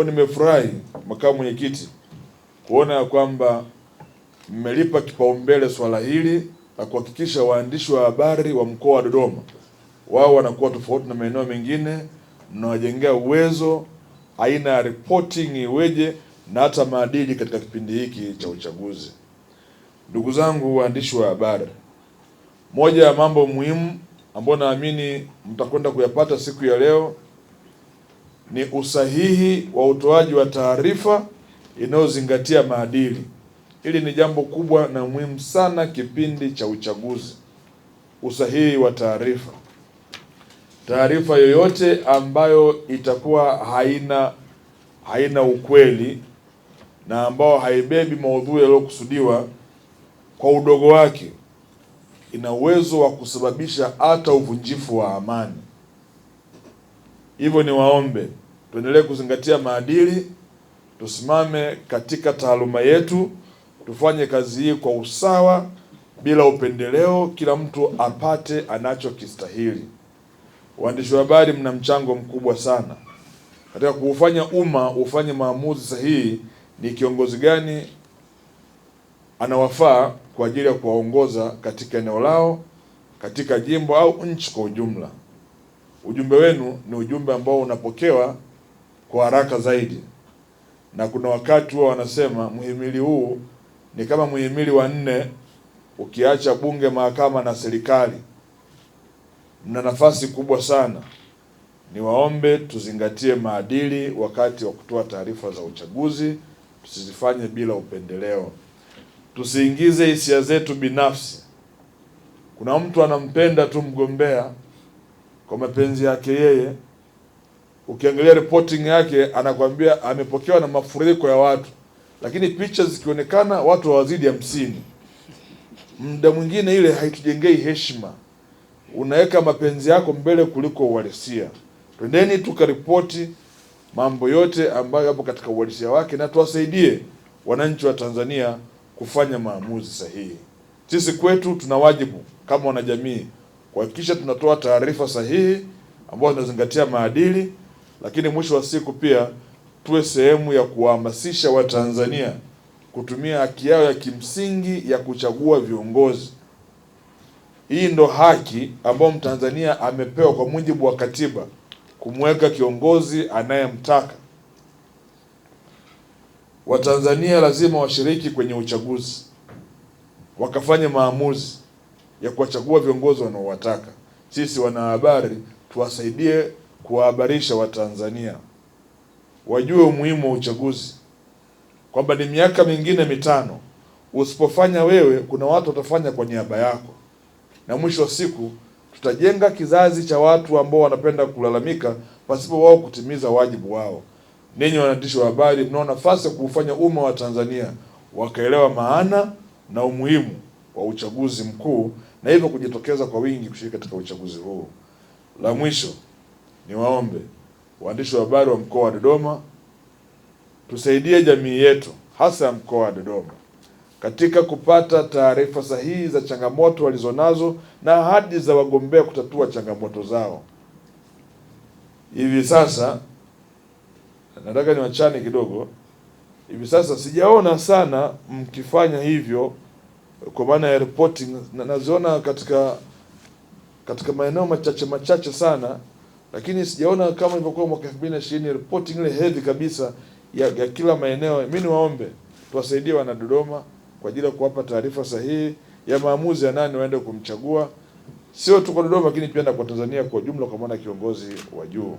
Kwa nimefurahi, makamu mwenyekiti, kuona ya kwamba mmelipa kipaumbele swala hili na kuhakikisha waandishi wa habari wa mkoa wa Dodoma wao wanakuwa tofauti na maeneo mengine, mnawajengea uwezo, aina ya reporting iweje, na hata maadili katika kipindi hiki cha uchaguzi. Ndugu zangu waandishi wa habari, moja ya mambo muhimu ambayo naamini mtakwenda kuyapata siku ya leo ni usahihi wa utoaji wa taarifa inayozingatia maadili. Hili ni jambo kubwa na muhimu sana kipindi cha uchaguzi, usahihi wa taarifa. Taarifa yoyote ambayo itakuwa haina haina ukweli na ambayo haibebi maudhui yaliyokusudiwa kwa udogo wake, ina uwezo wa kusababisha hata uvunjifu wa amani. Hivyo niwaombe tuendelee kuzingatia maadili, tusimame katika taaluma yetu, tufanye kazi hii kwa usawa bila upendeleo, kila mtu apate anachokistahili. Waandishi wa habari, mna mchango mkubwa sana katika kuufanya umma ufanye maamuzi sahihi, ni kiongozi gani anawafaa kwa ajili ya kuwaongoza katika eneo lao, katika jimbo au nchi kwa ujumla. Ujumbe wenu ni ujumbe ambao unapokewa kwa haraka zaidi, na kuna wakati huwa wanasema mhimili huu ni kama mhimili wa nne, ukiacha bunge, mahakama na serikali, mna nafasi kubwa sana. Niwaombe tuzingatie maadili wakati wa kutoa taarifa za uchaguzi, tusizifanye bila upendeleo, tusiingize hisia zetu binafsi. Kuna mtu anampenda tu mgombea kwa mapenzi yake yeye ukiangalia reporting yake anakwambia amepokewa na mafuriko ya watu, lakini picha zikionekana watu hawazidi hamsini. Muda mwingine ile haitujengei heshima, unaweka mapenzi yako mbele kuliko uhalisia. Twendeni tukaripoti mambo yote ambayo yapo katika uhalisia wake, na tuwasaidie wananchi wa Tanzania kufanya maamuzi sahihi. Sisi kwetu tuna wajibu kama wanajamii kuhakikisha tunatoa taarifa sahihi ambazo zinazingatia maadili lakini mwisho wa siku pia tuwe sehemu ya kuwahamasisha Watanzania kutumia haki yao ya kimsingi ya kuchagua viongozi. Hii ndo haki ambayo Mtanzania amepewa kwa mujibu wa katiba kumweka kiongozi anayemtaka. Watanzania lazima washiriki kwenye uchaguzi, wakafanye maamuzi ya kuwachagua viongozi wanaowataka. Sisi wanahabari tuwasaidie kuwahabarisha Watanzania wajue umuhimu wa uchaguzi, kwamba ni miaka mingine mitano. Usipofanya wewe, kuna watu watafanya kwa niaba yako, na mwisho wa siku tutajenga kizazi cha watu ambao wanapenda kulalamika pasipo wao kutimiza wajibu wao. Ninyi waandishi wa habari, mnao nafasi ya kuufanya umma wa Tanzania wakaelewa maana na umuhimu wa uchaguzi mkuu, na hivyo kujitokeza kwa wingi kushiriki katika uchaguzi huu. La mwisho Niwaombe waandishi wa habari wa mkoa wa Dodoma, tusaidie jamii yetu hasa ya mkoa wa Dodoma katika kupata taarifa sahihi za changamoto walizonazo na ahadi za wagombea kutatua changamoto zao. Hivi sasa nataka niwachane kidogo. Hivi sasa sijaona sana mkifanya hivyo kwa maana ya reporting, naziona katika katika maeneo machache machache sana lakini sijaona kama ilivyokuwa mwaka 2020 reporting ile heavy kabisa ya, ya kila maeneo. Mimi niwaombe tuwasaidie wana Dodoma kwa ajili ya kuwapa taarifa sahihi ya maamuzi ya nani waende kumchagua, sio tu kwa Dodoma, lakini pia na kwa Tanzania kwa ujumla, kwa maana kiongozi wa juu.